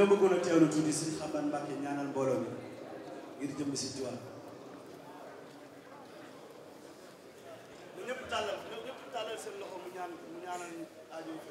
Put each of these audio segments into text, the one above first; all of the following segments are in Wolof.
dañoo bëggoon a teewlu tuuti si xaban Mbàkke ñaanal mbooloo mi ngir jëm si tuwaat bu ñëpp tàllal ñëpp tàllal seen loxo mu ñaan mu ñaanal aajo yi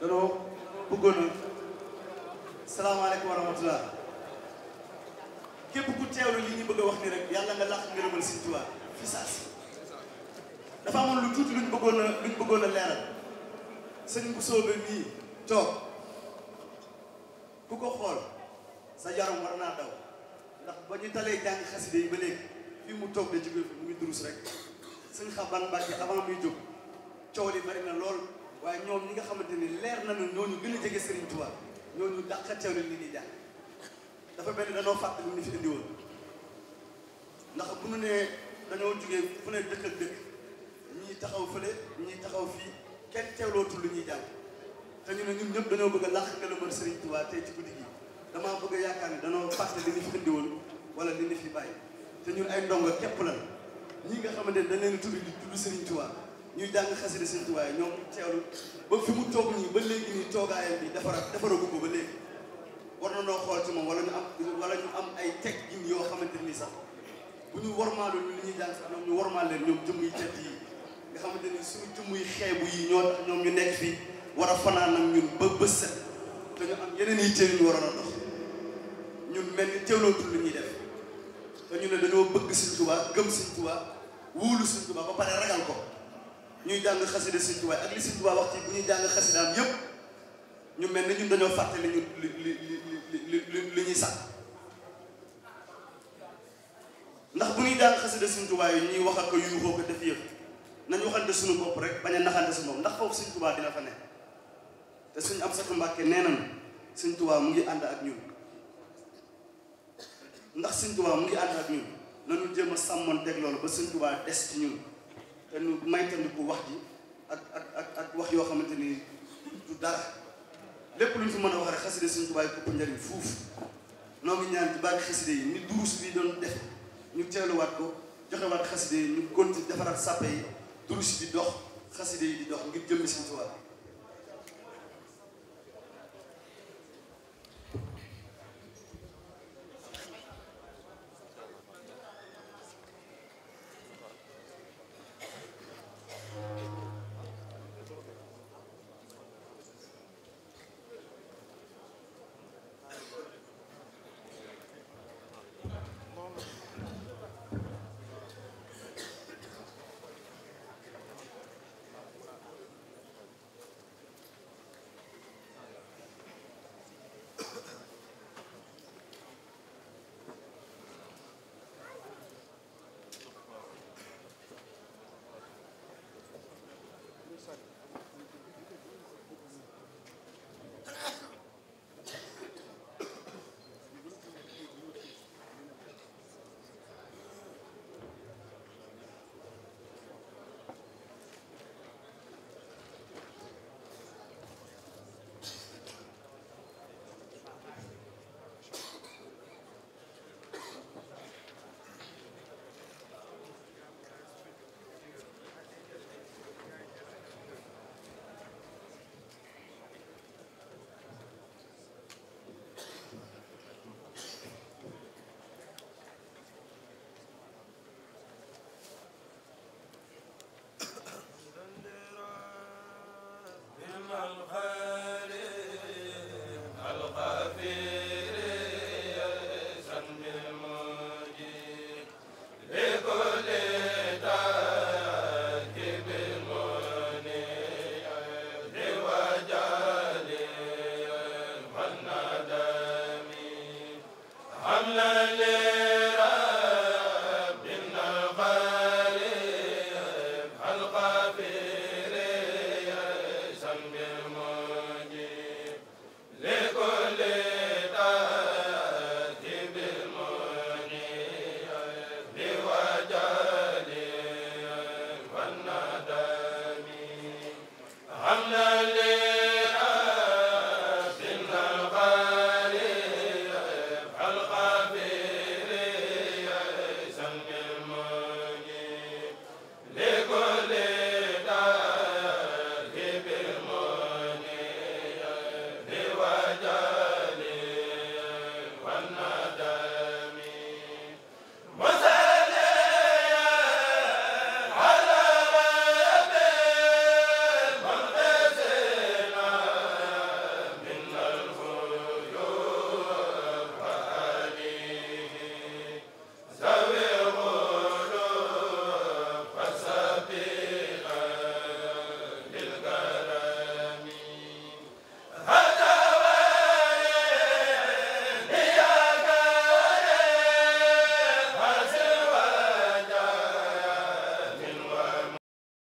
danoo bëggoon salaamaaleykum wa rahmatulah képp ku teewlu li ñu bëgg a wax ni rek yàlla nga làq ngërëmal Sëñ Tuubaa fi saas dafa amoon lu tuuti luñ bëggoon a luñ bëggoon a leeral sëñ bu soobee mii toog ku ko xool sa yaram war naa daw ndax ba ñu talee jàng xaside yi ba léegi fii mu toog de jóge fi mu durus rek sëñ Xaban Mbàkke avant muy jóg coow li bari na lool. waaye ñoom ñi nga xamante ni leer nañu ñooñu gën a jege Serigne Touba ñooñu dàqa teewlu li ñuy jàng dafa mel ni dañoo fàttali ñu fi indi woon ndax bu ñu nee dañoo jugee taxaw fële ñii taxaw fii kenn teewlootul lu ñuy jàng te ñu ne ñun ñëpp dañoo bëgg làq nga la mën Serigne Touba tey ci guddi gi damaa bëgg yaakaar ni dañoo fàtte li ñu fi indi woon wala li ñu fi bàyyi te ñun ay ndongo képp la ñi nga xamante ne dañ leen tudd di tudd Serigne ñuy jàng xasida Sëñ Tuubaa yi ñoom teewlu ba fi mu toog nii ba léegi ñu toogaayam bi defara defaragu ko ba léegi na noo xool ci moom wala ñu am wala ñu am ay teg xamante ni sax bu ñu warmaalu lu ñuy jàng sax ñoom ñu warmaal leen ñoom jëmm yi tedd yi xamante ni suñu jëmm yi xeebu yi ñoo tax ñoom ñu nekk fii war a fanaan ak ñun ba bës ñu am yeneen yi teew ñu waroon a dox ñun mel ni teewlootul lu ne dañoo bëgg Sëñ Tuubaa gëm Sëñ Tuubaa ko ñuy jàng xasida Sëñ Tuubaa ak li Sëñ Tuubaa wax ci bu ñuy jàng xasidaam yépp ñu mel ni ñun dañoo fàtte li ñu li li li li ñuy sax ndax bu ñuy jàng xasida Sëñ Tuubaa ñuy wax ak ko yuuxoo ko def yëpp nañu waxante suñu bopp rek bañ a naxante suñu moom ndax foofu Sëñ dina fa nekk te Sëñ Amsatu Mbàkke nee na Sëñ Tuubaa mu ngi ànd ak ñun ndax Sëñ Tuubaa mu ngi ànd ak ñun nañu jéem a sàmmoon teg loolu ba Sëñ Tuubaa des ci ñun te nu bu wax ji ak ak ak ak wax yoo xamante ni du dara lépp luñ fi mën a wax rek xaside suñu tubaay këpp njëriñ fuuf noo ngi ñaan ci barke xaside yi ni durus bi doon def ñu teeluwaat ko joxewaat xaside ñu konti defaraat sàppe yi durus yi di dox xaside yi di dox ngir jëmmi suñu tubaay